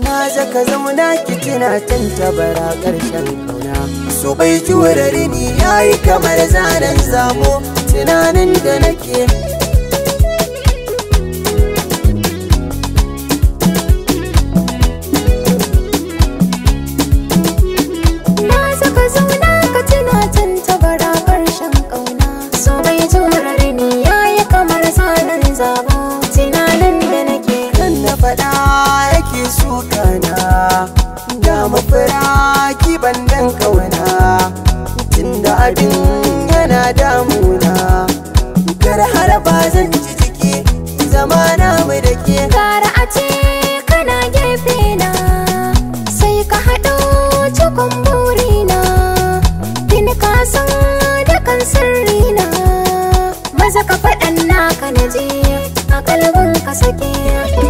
na zaka zamana kitina tanta bara ƙarshen kauna su bai wurare ni yayi kamar zanen zamo tunanin da nake kana da mafira kiban kawana, kauna tunda abin yana damuna kar har ba zan ci ciki zama na mu da ke kara a ce kana gefe na sai ka haɗo cikon burina din ka san da kan sirrina maza ka faɗan naka na je a kalbin ka sake